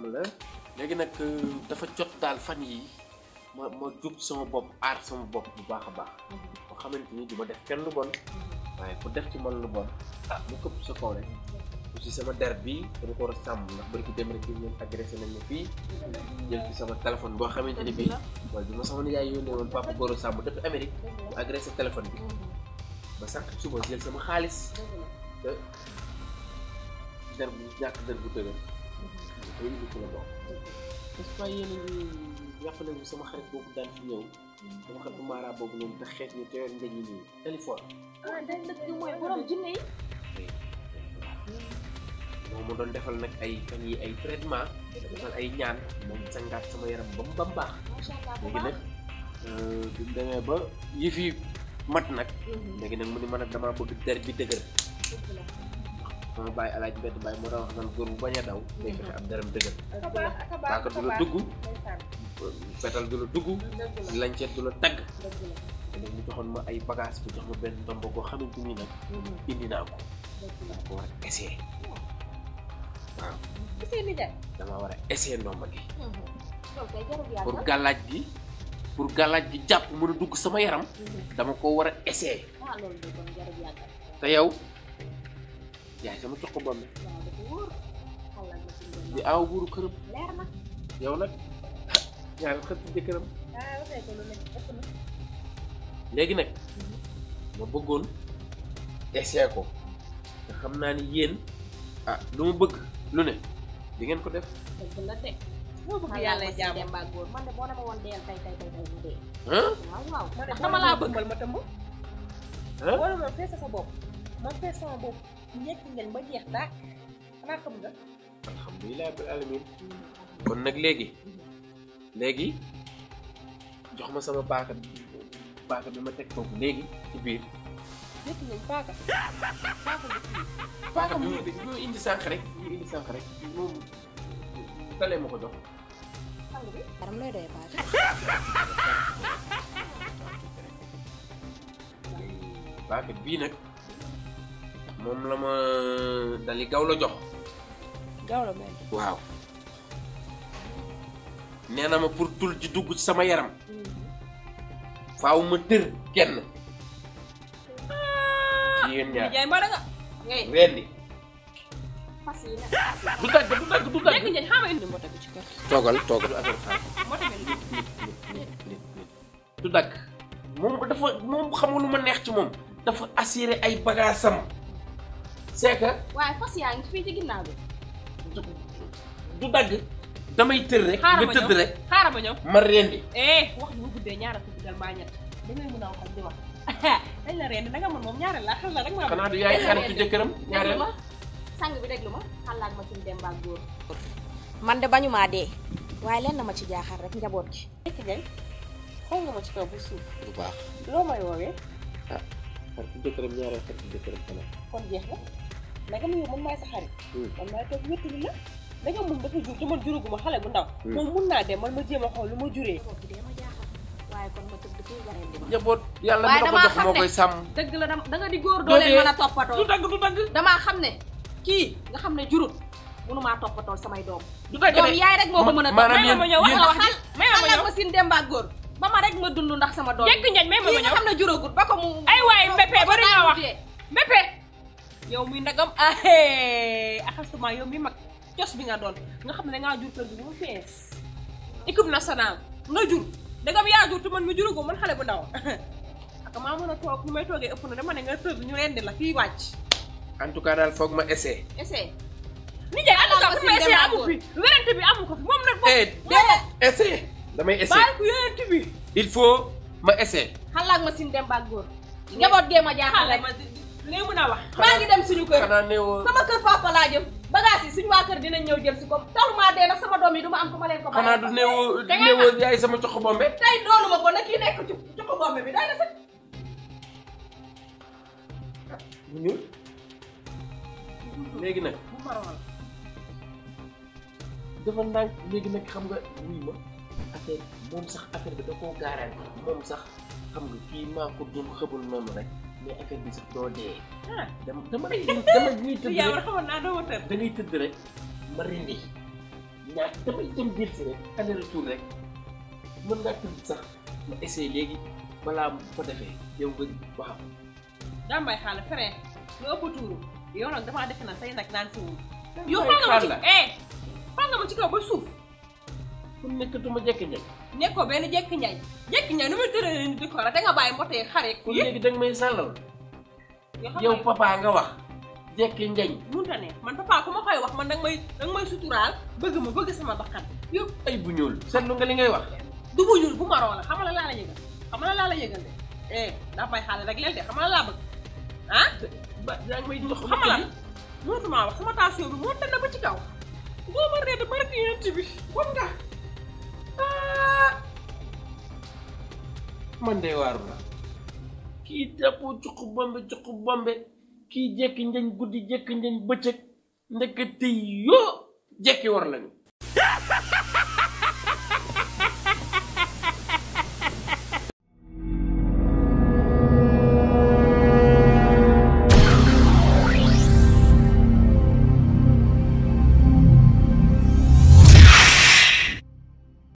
jàmm la léegi nag euh, dafa jot daal fan yi ma ma jub sama bopp aar sama bopp bu baax a baax boo xamante ni du ma def kenn lu bon waaye ku def ci man lu bon ah mu këpp sa kaw rek aussi sama der bi dama ko war a sàmm ndax bari ki dem rek ñoom agressé nañ ma fii jël ci sama téléphone boo xamante ni bii waaye bi ma sama nijaay yónnee woon papa Goro Samb depuis Amérique mu agressé téléphone bi ba sànq suba jël sama xaalis te der bu ñàkk der bu tëgal bëri bu ci la bokk sama xarit boobu daan fi ñëw sama xarit maara boobu noonu te xeet ah defal nag ay fan yi ay traitement defal ay ñaan sama yaram ba mu ba mu baax ba mat nak. léegi nag mu ni man nag bëgg der bi sama baay mhm. alaaj bett baay moo daan wax naan daw day fexe am dërëm dëgër paaka du la dugg fetal du la dugg lancet du la tagg léegi mu joxoon ma ay bagage bu jox ma benn ndomb goo xamante ni indi naa ko ko war dama gi pour gi pour gi sama yaram dama ko yow yaay sama cuq bombe di aw buuru këram yow nag ñaari ah, léegi nag mhm. ma bëggoon essayé ko xam naa ni yéen ah lu ma bëgg lu ne di ngeen ko def moo bëgg yàlla jaamu man man de dama laa bëgg ma nekk ngeen ba jeex daak xanaa xam alamin kon nag léegi léegi jox ma sama paaka paaka bi ma teg foofu léegi ci biir nekk ngeen paaka paaka bi paaka bii nag moom la ma dali gaw la jox gaw la mel waaw nee ma pour tul ji dugg ci sama yaram faaw ma tër kenn ci yéen ñaar jaay mbaa nga ngay rendi du dagg du dagg du dagg nekk xama indi mbota bi ci kër toogal toogal affaire xaar bi du dagg moom dafa moom xamul lu ma neex ci moom dafa ay c'est que. waaye fas yaa ngi fii ci ginnaaw bi. du dagg. damay tër rek nga tëdd rek xaaral ma ñëw ma eh, ñett dangay mën a wax ak di la rendi danga mën moom ñaareel la xel la rek. xanaa du yaay ma sang bi déglu ma xalaat ma suñu dem ba góor. man de bañu dee waaye lenn ma ci jaaxal rek njaboot gi. dégg ci kaw bu baax loo may woowee. ah xaritu jëkkëram ñaareel xaritu jëkkëram kon jeex ndagam yow man maay sa xarit man maay toog wéttali la ndagam moom dafa jur te man juruguma xale bu ndaw moom mun naa dem man ma jéem a xool lu ma juree waaye kon ma tëdd kuy waree di ma njaboot yàlla mi la ko jox moo koy la da nga di góor doo leen mën a du dëgg du dëgg damaa xam ne nga xam jurut mënumaa toppatoo samay doom du dëgg doom yaay rek moo ko mën a toppatoo ma ñëw wax la wax xal ma sin demba góor ba rek ma dund ndax sama doom yegg ñañ may ma ma ñëw kii nga xam ne juragut ba mu ay waay mbépee bari nga wax mbépee yow muy ndagam ahe axastement yow muy mag jos bi nga doon nga xam ne dangaa jur kër gi bu fees na nationale nga jur ndagam yaa jur te man mi jurugoo man xale bu ndaw ak maa a toog nu may toogee ëpp na dama tëdd ñu rendi la fii wàcc en tout cas daal foog ma essayé essayé ni jaay en tout cas bu ma essayé amu fi werante bi amu ko fi moom nag moom eh, essayé damay essayé baal ku yorante il faut ma essayé xalaat ma sin dem baak góor njaboot gee léegi mun a wax maa ngi dem suñu kër sama kër papa laa jëm bagage ko nag sama doom ma am ku ma leen ko xanaa du sama coxu bombe tey ma ko nag kii nekk ci coxu bombe bi na sax léegi nag xam nga wuy ma moom sax affaire bi da koo moom sax xam nga kii maa ko doon xëbul noonu rek mais affaire bi si doo dee. ah dama dama dama ñuy tëdd rek yow xamoon naa doo ma tëdd. da ngay tëdd rek ma rendi ñaar damay dem biir si rek rek ma essayé mu ko defee yow nga wax. daa may xaaral frais lu ëpp tuuru yow nag damaa defe na say nag naan si wu. yow xaaral ma ci kaw ba suuf. pour nekkatuma jékki-jékki. nekkoo benn jékki-ñay jékki-ñay nu muy tëralee ni bi ko la da nga bàyyi mbotee xare. yëpp léegi da nga may sàllal. yow papa nga wax. jekki njañ munta ne man papa ku ma koy wax man danga may danga may suturaal bëgg ma bëgg sama bakkan yow ay bu ñuul seetlu nga li ngay wax du bu ñuul bu maroo la xamala laa la yëgal xamala laa la yëgal de eh daa may xaale rek leel de xamala laa bëgg ah daa ngi may jox xamala mënatuma wax sama tension bi moo tëdd ba ci kaw boo ma ree de barki yonent bi bon nga man de waaru na kii tàpp cuq bombe cuq bombe kii jekki njëñ guddi jekki njëñ bëccëg ndekk tey yoo jekki war lañu